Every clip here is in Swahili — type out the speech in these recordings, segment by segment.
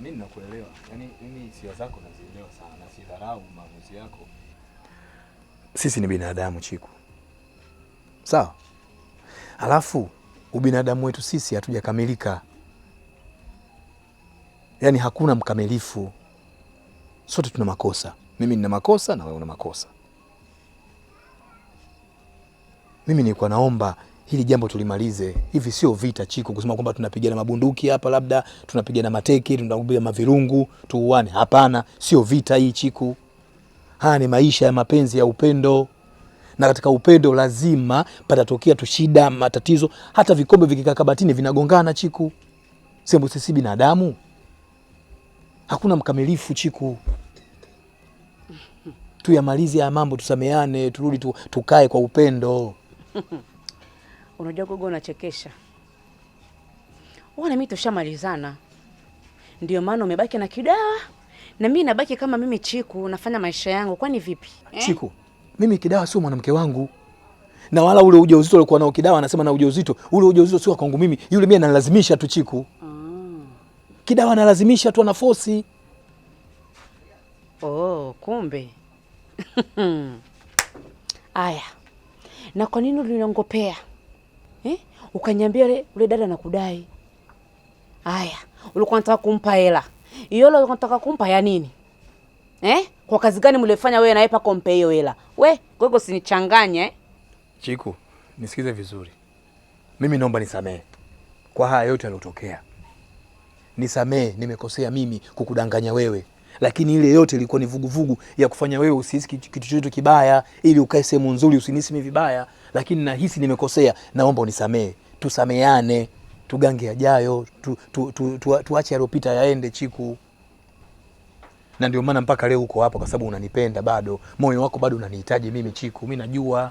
mimi nakuelewa, yaani mimi hisia zako nazielewa sana na sidharau maamuzi yako. Sisi ni binadamu Chiku, sawa? alafu ubinadamu wetu sisi hatujakamilika, yaani hakuna mkamilifu, sote tuna makosa. Mimi nina makosa na wewe una makosa. Mimi nilikuwa naomba hili jambo tulimalize. Hivi sio vita Chiko, kusema kwamba tunapigana mabunduki hapa, labda tunapigana mateke, tunapigana mavirungu tuuane. Hapana, sio vita hii Chiku. Haya ni maisha ya mapenzi ya upendo, na katika upendo lazima patatokea tushida matatizo. Hata vikombe vikikaa kabatini vinagongana Chiku, sembu sisi binadamu hakuna mkamilifu Chiku. Tuyamalize haya mambo, tusameane, turudi tu, tukae kwa upendo Unajua gogo, unachekesha. Wana mimi tushamalizana, ndio maana umebaki na Kidawa na mimi nabaki kama mimi Chiku, nafanya maisha yangu. Kwani vipi eh? Chiku, mimi Kidawa sio mwanamke wangu na wala ule ujauzito alikuwa nao Kidawa anasema na ujauzito ule ujauzito sio kwangu mimi, yule mimi analazimisha tu Chiku. Mm. Kidawa analazimisha tu, anafosi Oh, kumbe. Aya. Na kwa nini uliniongopea? eh? Ukaniambia ule dada nakudai. Haya, ulikuwa unataka kumpa hela hiyo, ulikuwa unataka kumpa ya nini eh? Kwa kazi gani mlifanya wewe yeye pako mpe hiyo hela? We kwa hiyo usinichanganye. Eh? Chiku, nisikize vizuri, mimi naomba nisamehe kwa haya yote yaliyotokea. Nisamehe, nimekosea mimi kukudanganya wewe, lakini ile yote ilikuwa ni vuguvugu ya kufanya wewe usihisi kitu chochote kibaya, ili ukae sehemu nzuri, usinisimi mimi vibaya lakini nahisi nimekosea, naomba unisamehe, tusameane, tugange yajayo, tu, tu, tu, tu, tuache yaliyopita yaende, Chiku. Na ndio maana mpaka leo uko hapa, kwa sababu unanipenda bado, moyo wako bado unanihitaji mimi, Chiku, mi najua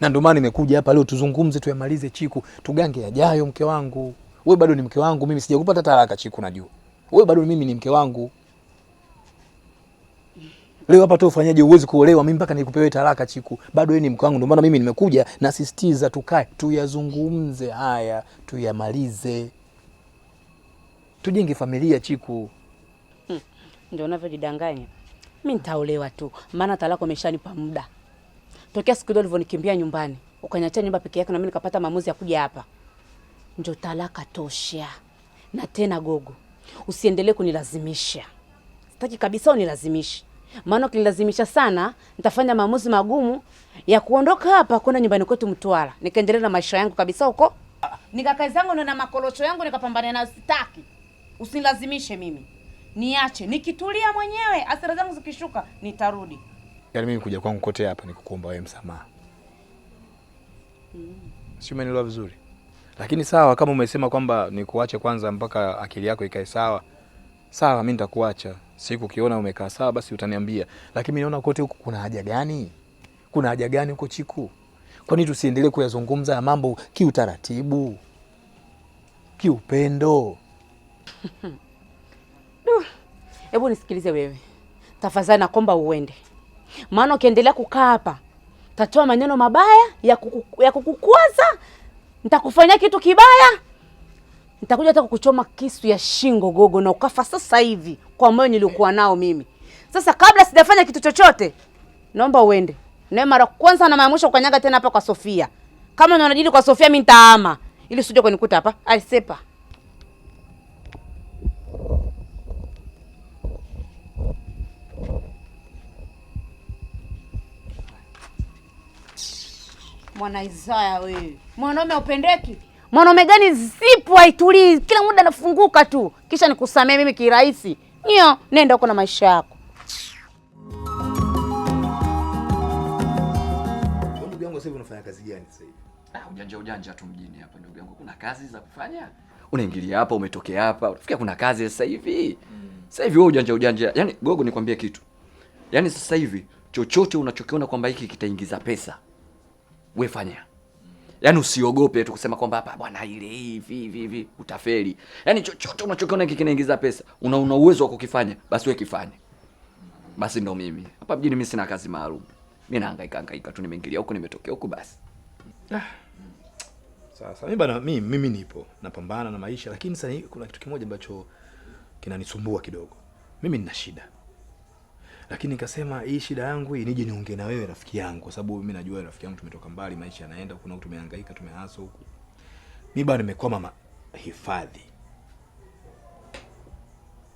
na ndio maana nimekuja hapa leo, tuzungumze, tuyamalize Chiku, tugange yajayo. Mke wangu wewe, bado ni mke wangu mimi, sijakupata taraka Chiku, najua wewe bado mimi ni mke wangu. Leo hapa tu ufanyaje? Uwezi kuolewa mimi mpaka nikupewe talaka Chiku, bado wewe ni mke wangu. Ndio maana mimi nimekuja, nasisitiza tukae, tuyazungumze haya, tuyamalize, tujenge familia Chiku. Hmm, ndio unavyojidanganya. Mimi nitaolewa tu, maana talaka umeshanipa muda tokea siku ile ulivyonikimbia nyumbani ukaniachia nyumba peke yake, na mimi nikapata maamuzi ya kuja hapa. Ndio talaka tosha. Na tena Gogo, usiendelee kunilazimisha, sitaki kabisa unilazimishe maana ukinilazimisha sana nitafanya maamuzi magumu ya kuondoka hapa kwenda nyumbani kwetu Mtwara, nikaendelea na maisha yangu kabisa huko, nikakae zangu na makorosho yangu nikapambana na. Sitaki, usinilazimishe mimi, niache nikitulia mwenyewe. Hasira zangu zikishuka nitarudi. Yaani mimi kuja kwangu kote hapa ni kukuomba wewe msamaha, mm. Sio, umenielewa vizuri? Lakini sawa, kama umesema kwamba nikuache kwanza mpaka akili yako ikae sawa, sawa, mimi nitakuacha siku ukiona umekaa sawa, basi utaniambia. Lakini mimi naona kote huku kuna haja gani? Kuna haja gani huko Chiku? Kwani tusiendelee kuyazungumza ya mambo kiutaratibu, kiupendo? Hebu nisikilize wewe tafadhali, nakomba uende, maana ukiendelea kukaa hapa tatoa maneno mabaya ya, kuku, ya kukukwaza. Nitakufanyia kitu kibaya, nitakuja hata kukuchoma kisu ya shingo gogo na ukafa sasa hivi kwa ambayo nilikuwa nao mimi. Sasa kabla sijafanya kitu chochote, naomba uende nawe mara kwanza na mara mwisho kukanyaga tena hapa kwa Sofia. Kama dili kwa Sofia, mimi nitaama ili usije kunikuta hapa Alisepa. Mwana Isaya wewe, mwanaume upendeki. Mwanaume gani zipu haitulii, kila muda anafunguka tu, kisha nikusamee mimi kirahisi. Nio, nenda huko na maisha yako. Ndugu yangu, sasa hivi unafanya kazi gani sasa hivi? Ah, ujanja ujanja tu mjini hapa ndugu yangu. Kuna kazi za kufanya? Unaingilia hapa, umetokea hapa. Unafikia kuna kazi sasa hivi? Mm. Sasa hivi wewe ujanja ujanja. Yaani gogo nikwambie kitu. Yaani sasa hivi chochote unachokiona kwamba hiki kitaingiza pesa, wewe fanya. Yaani usiogope tu kusema kwamba hapa bwana ile hivi hivi hivi utafeli. Yaani chochote unachokiona hiki kinaingiza pesa, una una uwezo wa kukifanya, basi wewe kifanye. Basi ndo mimi. Hapa mjini mimi sina kazi maalum. Mimi nahangaika hangaika tu nimeingilia huku nimetokea huku basi. Ah. Sasa mimi bana mimi mimi nipo napambana na maisha lakini sasa kuna kitu kimoja ambacho kinanisumbua kidogo. Mimi nina shida lakini nikasema hii shida yangu hii nije niongee na wewe rafiki yangu, kwa sababu mimi najua rafiki yangu, tumetoka mbali, maisha yanaenda kuna huku, tumehangaika, tumehaso huku, mimi bado nimekwama hifadhi,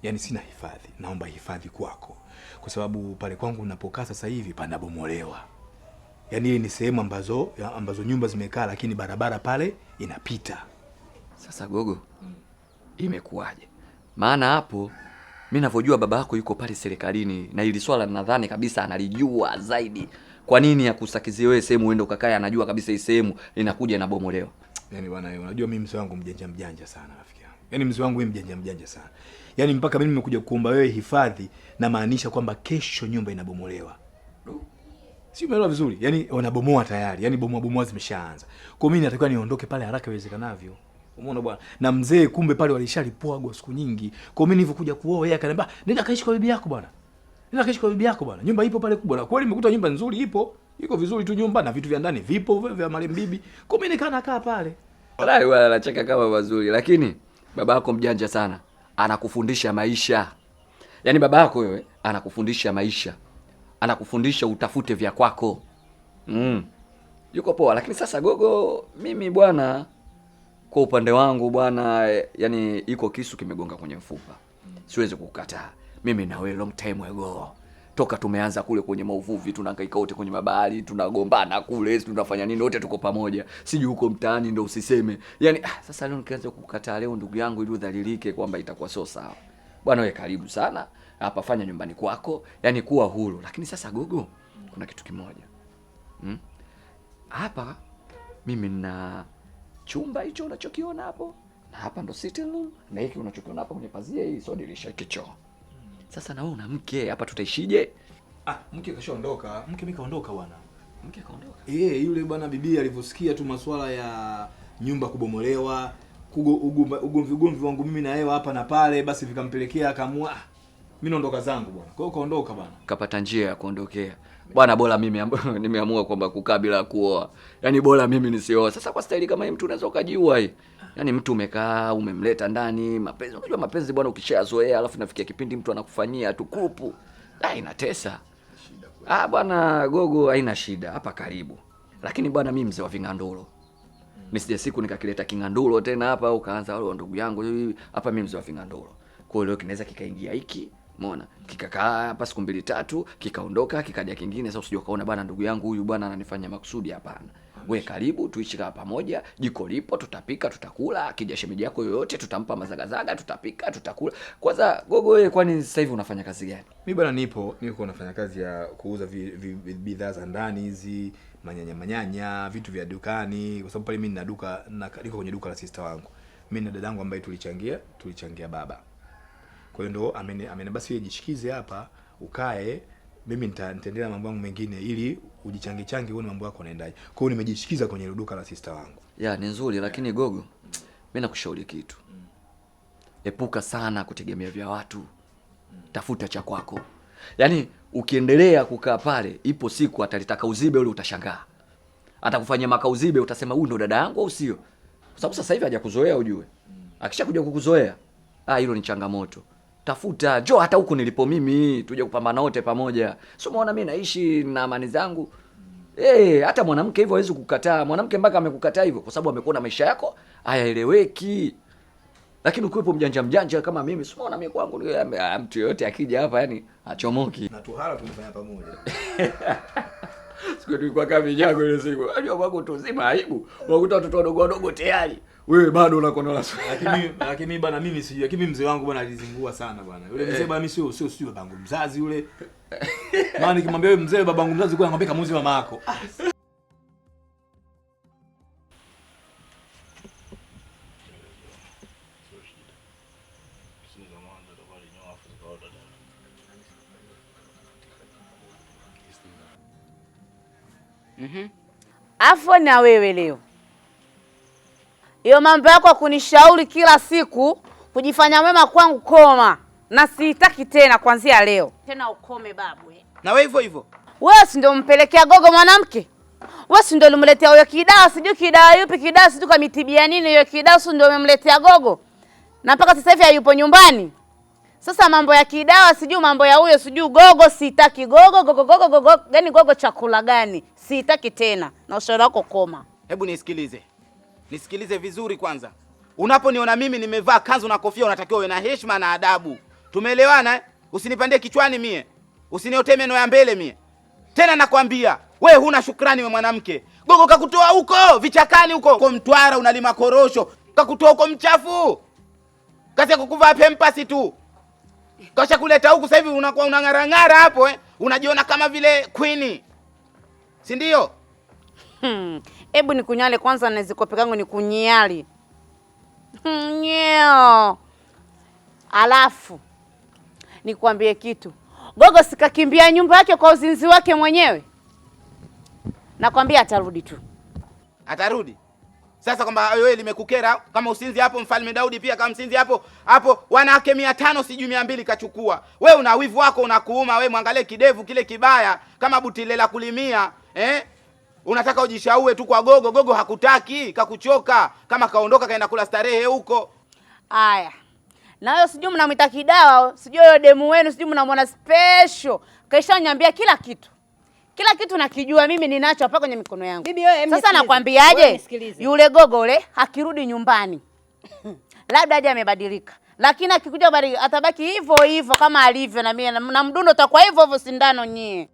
yani sina hifadhi, naomba hifadhi kwako, kwa sababu pale kwangu ninapokaa sasa hivi panabomolewa, yaani ile ni sehemu ambazo ambazo nyumba zimekaa, lakini barabara pale inapita. Sasa Gogo, imekuwaje? maana hapo mimi ninavyojua baba yako yuko pale serikalini na ili swala nadhani kabisa analijua zaidi. Kwa nini akusakizie wewe sehemu uende ukakae? Anajua kabisa hii sehemu inakuja na bomo leo. Yaani bwana wewe, unajua mimi mzee wangu mjanja mjanja sana rafiki yangu. Yaani mzee wangu mjanja mjanja sana. Yaani mpaka mimi nimekuja kuomba wewe hifadhi na maanisha kwamba kesho nyumba inabomolewa. Si umeelewa vizuri? Yaani wanabomoa tayari. Yaani bomoa bomoa zimeshaanza. Kwa hiyo mimi natakiwa niondoke pale haraka iwezekanavyo. Umeona bwana? Na mzee kumbe pale walishalipwagwa siku nyingi. Kwa mimi nilivyokuja kuoa yeye akaniambia, "Nenda kaishi kwa bibi yako bwana." Nenda kaishi kwa bibi yako bwana. Nyumba ipo pale kubwa. Na kweli nimekuta nyumba nzuri ipo. Iko vizuri tu nyumba na vitu vya ndani vipo vya marehemu bibi. Kwa mimi nikaa nakaa pale. Walai wala anacheka kama wazuri, lakini baba yako mjanja sana. Anakufundisha maisha. Yaani baba yako wewe anakufundisha maisha. Anakufundisha utafute vya kwako. Mm. Yuko poa, lakini sasa gogo mimi bwana kwa upande wangu bwana, yani iko kisu kimegonga kwenye mfupa, siwezi kukataa. Mimi na wewe long time ago toka tumeanza kule kwenye mauvuvi tunahangaika wote kwenye mabahari, tunagombana kule, tunafanya nini, wote tuko pamoja, sijui huko mtaani ndo usiseme. Yani ah, sasa leo nikianza kukataa leo, ndugu yangu, ili udhalilike kwamba itakuwa sio sawa. Bwana wewe, karibu sana hapa, fanya nyumbani kwako, yani kuwa huru. Lakini sasa gogo, kuna kitu kimoja hmm? hapa Mimi na chumba hicho unachokiona hapo, na hapa ndo sitting room, na hiki unachokiona hapa kwenye pazia hii sio dirisha, hiki choo. Sasa na wewe una mke hapa, tutaishije? Ah, mke kashaondoka. Mke mikaondoka bwana, mke kaondoka. Eh, yule bwana bibi alivyosikia tu masuala ya nyumba kubomolewa, ugomvi ugomvi wangu mimi na yeye hapa na pale, basi vikampelekea akaamua ah, mimi naondoka zangu bwana. Kwa hiyo kaondoka bwana. Kapata njia ya kuondokea. Bwana bora mimi nimeamua kwamba kukaa bila kuoa. Yaani bora mimi nisioa. Sasa kwa staili kama hii mtu unaweza ukajiua hii. Yaani mtu umekaa umemleta ndani mapenzi. Unajua mapenzi bwana ukishayazoea alafu nafikia kipindi mtu anakufanyia tukupu. Ah inatesa. Ah bwana gogo haina shida hapa karibu. Lakini bwana mimi mzee wa vingandulo. Nisije siku nikakileta kingandulo tena hapa ukaanza wale ndugu yangu hapa mimi mzee wa vingandulo. Kwa hiyo leo kinaweza kikaingia hiki Umeona? Kikakaa hapa siku mbili tatu, kikaondoka, kikaja kingine. Sasa usije ukaona bana, ndugu yangu huyu bwana ananifanya makusudi. Hapana, we karibu tuishi kama pamoja, jiko lipo, tutapika, tutakula. Akija shemeji yako yoyote, tutampa mazagazaga, tutapika, tutakula. Kwanza gogo, wewe kwani sasa hivi unafanya kazi gani? Mimi bwana, nipo niko nafanya kazi ya kuuza bidhaa za ndani hizi, manyanya manyanya, vitu vya dukani, kwa sababu pale mimi nina duka, niko kwenye duka la sister wangu, mimi na dadangu ambaye tulichangia tulichangia baba kwa hiyo ndo amene, amene basi wewe jishikize hapa ukae, mimi nitaendelea mambo yangu mengine ili ujichange change uone mambo yako yanaendaje. Kwa hiyo nimejishikiza kwenye duka la sister wangu. Ya ni nzuri lakini yeah. gogo, mimi nakushauri kitu. Mm. Epuka sana kutegemea vya watu. Mm. Tafuta cha kwako. Yaani ukiendelea kukaa pale, ipo siku atalitaka uzibe ule, utashangaa. Atakufanyia makauzibe utasema huyu ndo dada yangu au sio? Kwa sababu sasa hivi hajakuzoea ujue. Akishakuja kukuzoea, ah hilo ni changamoto tafuta jo hata huku nilipo mimi, tuje kupambana wote pamoja. Sio umeona mimi naishi na amani zangu. Eh, hata mwanamke hivyo hawezi kukataa. Mwanamke mpaka amekukataa hivyo kwa sababu amekuona maisha yako hayaeleweki. Lakini ukiwepo mjanja mjanja kama mimi, sio umeona mimi kwangu eh, ah, mtu yoyote akija hapa yani achomoki. Na tuhara tumefanya pamoja. Siku tulikuwa kama vinyago ile siku. Unajua wako tuzima aibu. wakuta watoto wadogo wadogo tayari wewe bado unakuwa na lakini lakini bana, mimi sijui, lakini mzee wangu bana alizingua sana bana. Yule mzee eh. bana, mimi sio sio sio babangu mzazi yule. Maana nikimwambia wewe mzee babangu mzazi, kwa anambia kamuzi mama yako. Mhm. Afwa na wewe leo hiyo mambo yako kunishauri kila siku kujifanya mwema kwangu, koma na siitaki tena, kuanzia leo tena ukome babu. Eh. Na wewe hivyo hivyo, wewe si ndio mpelekea gogo mwanamke? Wewe si ndio ulimletea huyo kidaa, sijui kidaa yupi, kidaa sijui kamitibia nini, huyo kidaa si ndio umemletea gogo, na mpaka sasa hivi hayupo nyumbani. Sasa mambo ya kidawa sijui mambo ya huyo sijui gogo, sitaki gogo gogo gogo gogo, yani gogo chakula gani? Sitaki tena, na ushauri wako koma. Hebu nisikilize nisikilize vizuri kwanza. Unaponiona mimi nimevaa kanzu na kofia, unatakiwa uwe na heshima na adabu. Tumeelewana eh? Usinipandie kichwani mie, usiniotee meno ya mbele mie. Tena nakwambia we huna shukrani, we mwanamke. Gogo kakutoa huko vichakani huko kwa Mtwara, unalima korosho, kakutoa huko mchafu, kazi ya kukuvaa pempasi tu, kasha kuleta huku. Sasa hivi unakuwa unang'arang'ara hapo eh? Unajiona kama vile queen, si ndio? Hmm. Hebu nikunyale kwanza na zikope kangu nikunyali hmm, nyeo. Alafu nikuambie kitu, gogo sikakimbia nyumba yake kwa uzinzi wake mwenyewe. Nakwambia atarudi tu, atarudi sasa kwamba wewe limekukera kama usinzi hapo. Mfalme Daudi pia kama msinzi hapo hapo, wanawake mia tano sijui mia mbili kachukua. We una wivu wako unakuuma. We mwangalie kidevu kile kibaya kama butilela kulimia eh? Unataka ujishaue tu kwa gogo? Gogo hakutaki, kakuchoka. Kama kaondoka kaenda kula starehe huko. na nayo sijui mnamwita Kidawa, sijui hiyo demu wenu, sijui mnamwona special. Kaishaniambia kila kitu kila kitu nakijua mimi, ninacho hapa kwenye mikono yangu. Sasa nakwambiaje, yule gogo le akirudi nyumbani labda aje amebadilika, lakini akikuja atabaki hivyo hivyo kama alivyo, na mdundo utakuwa hivyo hivyo, sindano nyie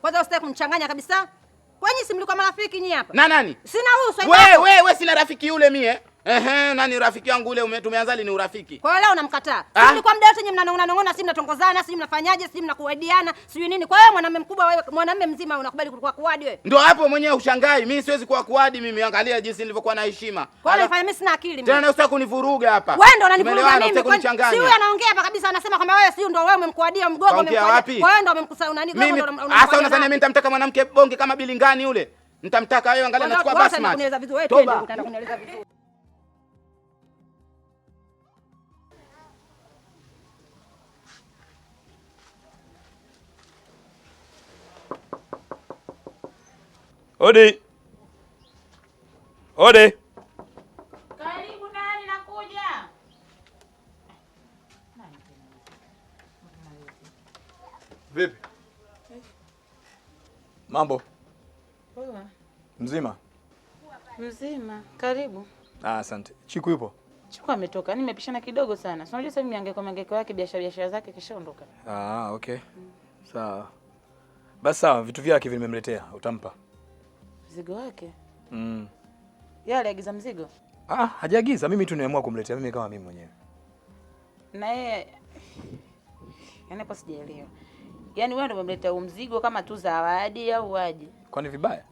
Kwanza usitaki kumchanganya kabisa. Kwani si mlikuwa marafiki nyinyi hapa? Na nani? Sina uso. Wewe wewe, sina rafiki yule mie. Ehe, nani rafiki yangu ule tumeanza lini urafiki? Kwa hiyo leo unamkataa. Ah? Sisi kwa muda wote nyinyi mnanong'ona nong'ona, sisi mnatongozana, sisi mnafanyaje, sisi mnakuaidiana, sijui nini. Kwa hiyo mwanamume mkubwa wewe, mwanamume mzima unakubali kulikuwa kuwadi wewe? Ndio hapo mwenyewe ushangai. Mimi siwezi kuwa kuwadi mimi, angalia jinsi nilivyokuwa na heshima. Kwa hiyo unafanya mimi sina akili mimi. Tena unataka kunivuruga hapa. Wewe ndio unanivuruga mimi. Si huyu anaongea hapa kabisa anasema kwamba wewe si ndio wewe umemkuadia mgogo umemkuadia. Kwa hiyo ndio umemkusa unani ndio unamkuadia. Sasa unadhani mimi nitamtaka mwanamke bonge kama bilingani ule? Nitamtaka wewe, angalia nachukua Odi. Odi. Karibu nakuja. Vipi? Mambo. Poa. Mzima? Mzima. Karibu. Ah, asante. Chiku yupo? Chiku ametoka. Nimepishana kidogo sana. Si unajua sasa miangeko miangeko yake biashara biashara zake kishaondoka. Ah, okay. Mm. Sawa. Basi sawa, vitu vyake vimemletea, utampa mzigo wake mm. Yeye aliagiza mzigo? Ah, hajaagiza. Mimi tu nimeamua kumletea mimi kama mimi mwenyewe. Na yeye yaani, hapo sijaelewa. Yaani wewe ndio umemletea huo mzigo kama tu zawadi au waje? Kwani vibaya?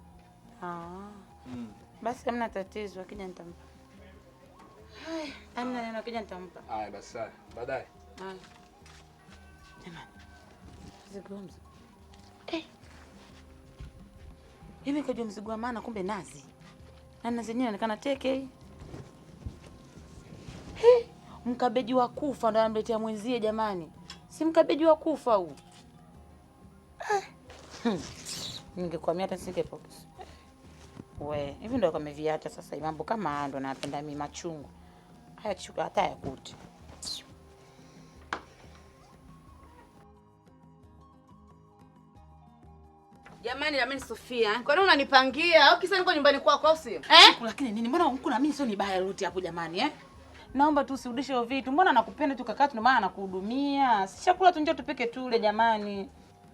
Ah. Mm. Basi hamna tatizo, akija nitampa. Hai, amna neno, akija nitampa. Hai, basi, sawa. baadaye. Hai. Jamani. Mzigo mzigo. Hivi kajua mzigo wa maana kumbe nazi. Na nazi yenyewe inaonekana teke. He, mkabeji wa kufa ndo anamletea mwenzie jamani. Si mkabeji wa kufa huu. Eh. Hmm. Ningekwambia hata singepoka. We, hivi ndo kameviacha sasa mambo kama ndo napenda mimi machungu. Haya chuka hata yakuti. Jamani, jamani Sofia, eh? kwa nini unanipangia? Au kisa niko nyumbani kwako au sio? Eh? Siku lakini nini? Mbona huku na mimi sio ni baya ruti hapo jamani eh? Naomba tu usirudishe hiyo vitu. Mbona nakupenda tu kakaa, ndio maana nakuhudumia. Si chakula tu njoo tupike tule jamani.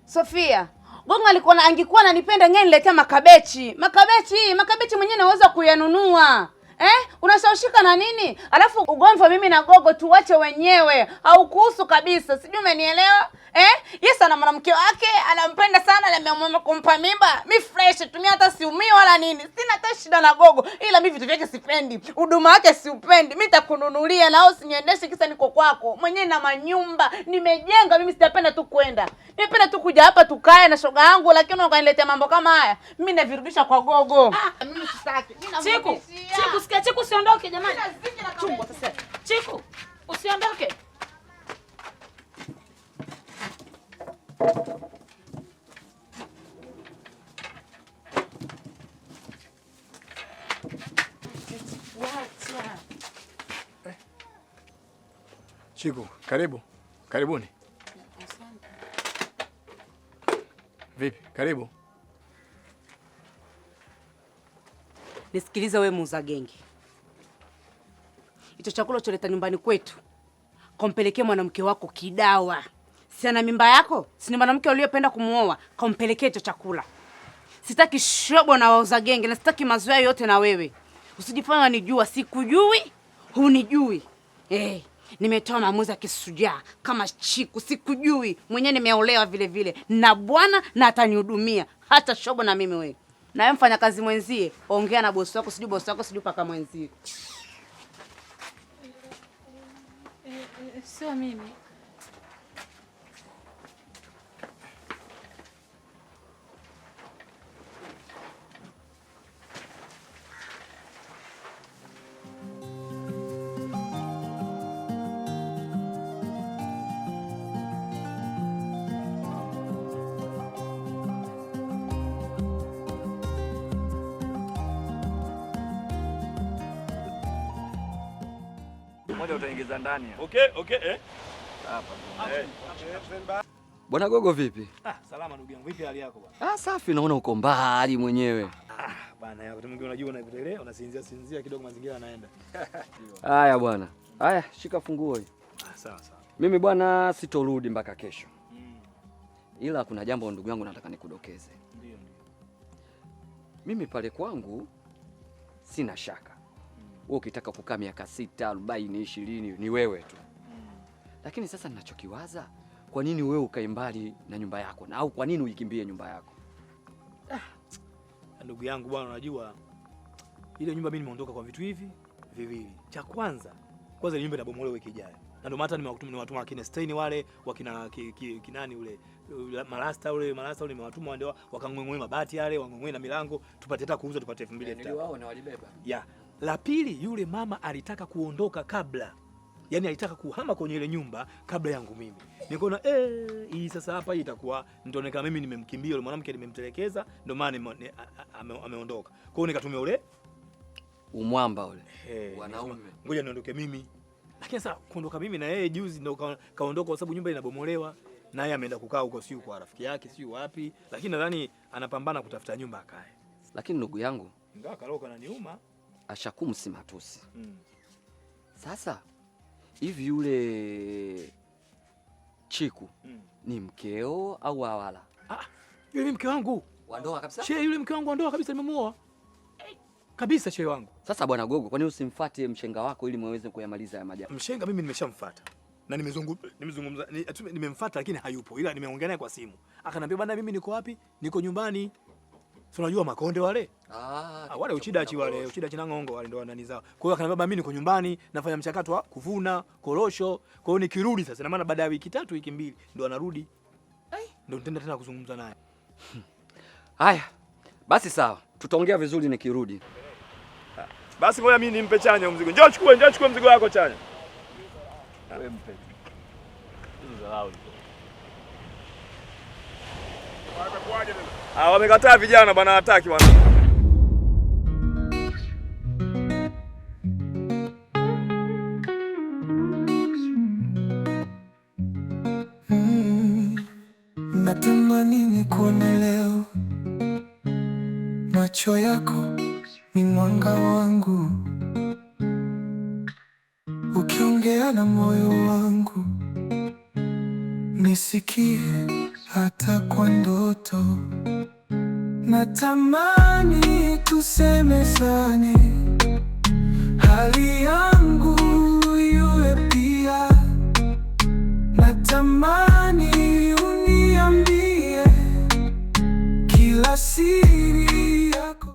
Sofia, Gongo alikuwa angekuwa ananipenda ngeni niletea makabechi. Makabechi, makabechi mwenyewe naweza kuyanunua. Eh, unashawishika na nini? Alafu ugomvi mimi na gogo tuwache wenyewe, haukuhusu kabisa, sijui umenielewa eh? Yes, ana mwanamke wake anampenda sana, amemwomba kumpa mimba. Mi fresh tumia, hata siumii wala nini, sina hata shida na gogo, ila mi vitu vyake sipendi, huduma yake siupendi. Mi takununulia na au siniendeshe, kisa niko kwako mwenyewe na manyumba nimejenga mimi, sitapenda tu kwenda, nipenda tu kuja hapa tukae na shoga yangu, lakini ukaniletea mambo kama haya, mi navirudisha kwa gogo. Ah, mimi sitaki. Mimi Sikia Chiku, usiondoke jamani. Chungu sasa. Chiku, usiondoke. Eh. Chiku, karibu. Karibuni. Vipi? Karibu. nisikilize we muuza gengi, hicho chakula choleta nyumbani kwetu kampelekee mwanamke wako Kidawa. Si ana mimba yako? Si ni mwanamke uliyopenda kumuoa? Kampelekee hicho chakula. Sitaki shobo na wauza genge na sitaki mazoea yote na wewe. Usijifanya nijua, sikujui, hunijui. Eh, nimetoa maamuzi ya kisujaa kama chiku, sikujui. Mwenyewe nimeolewa vile vile na bwana na atanihudumia hata shobo na mimi wewe na wewe mfanyakazi mwenzie, ongea na bosi wako, sijui bosi wako, sijui paka mwenzie. Eh, eh, sio mimi. ndani. Okay, okay, eh. Hapa. Eh, bwana Gogo vipi? Ah, salama ndugu yangu. Vipi hali yako bwana? Ah, safi naona uko mbali mwenyewe. Ah, bwana, wakati mwingine unajua unaendelea, unasinzia sinzia kidogo mazingira yanaenda. Haya bwana. Haya, shika funguo hii. Ah, sawa sawa. Mimi bwana sitorudi mpaka kesho. Mm. Ila kuna jambo ndugu yangu nataka nikudokeze. Ndio. Mimi pale kwangu sina shaka wewe ukitaka kukaa miaka sita, arobaini, ishirini ni wewe tu. Lakini sasa ninachokiwaza, kwa nini wewe ukae mbali na nyumba yako na au kwa nini uikimbie nyumba yako? Ah, ndugu yangu bwana, unajua ile nyumba mimi nimeondoka kwa vitu hivi viwili. Cha kwanza kwanza ni nyumba inabomolewa wiki ijayo, na ndio maana nimewatuma watu wa kina Stein wale wakina ki, ki, kinani ule marasta ule marasta ule nimewatuma wao wakang'oe mabati yale wang'oe na milango tupate hata kuuza tupate 2000 wao na walibeba. Yeah, la pili, yule mama alitaka kuondoka kabla, yani alitaka kuhama kwenye ile nyumba kabla yangu mimi. Nikaona eh, hii sasa hapa hii itakuwa nitaonekana mimi nimemkimbia yule mwanamke, nimemtelekeza, ndio maana ameondoka. Kwa hiyo nikatumia ule umwamba ule wanaume, ngoja niondoke mimi. Lakini sasa kuondoka mimi na yeye juzi ndio kaondoka, kwa sababu nyumba inabomolewa naye ameenda kukaa huko, sio kwa rafiki yake, sio wapi, lakini nadhani anapambana kutafuta nyumba akae. Lakini ndugu yangu, ingawa kaloko na niuma ashakumu matusi mm. Sasa hivi yule Chiku mm. ni mkeo au awala? Ah, yule mke wangu wa ndoa kabisa. Che, yule mke wangu wa ndoa kabisa nimemuoa eh. kabisa che wangu. Sasa bwana Gogo, kwa nini usimfuate mshenga wako ili mweze kuyamaliza ya majabu? Mshenga mimi nimeshamfuata na nimezungumza nimemfuata, lakini hayupo, ila nimeongea naye kwa simu, akaniambia bwana, mimi niko wapi? Niko nyumbani. So unajua Makonde wale? Ah, ah wale uchidachi wale, uchidachi na Ng'ongo wale ndo wanani zao. Kwa hiyo akaniambia mimi niko nyumbani nafanya mchakato wa kuvuna korosho. Kwa hiyo nikirudi sasa, na maana baada ya wiki tatu wiki mbili ndo anarudi. Ndo nitaenda tena kuzungumza naye. Haya. Basi sawa. Tutaongea vizuri nikirudi. Basi ngoja mimi nimpe chanya mzigo. Njoo chukue, njoo chukue mzigo wako chanya. Wewe mpe. Mzalau. Ah, wamekataa vijana bwana, hataki bwana. Mm, natamani nikuone leo, macho yako ni mwanga wangu, ukiongea na moyo wangu, nisikie hata kwa ndoto. Natamani tuseme sane hali ya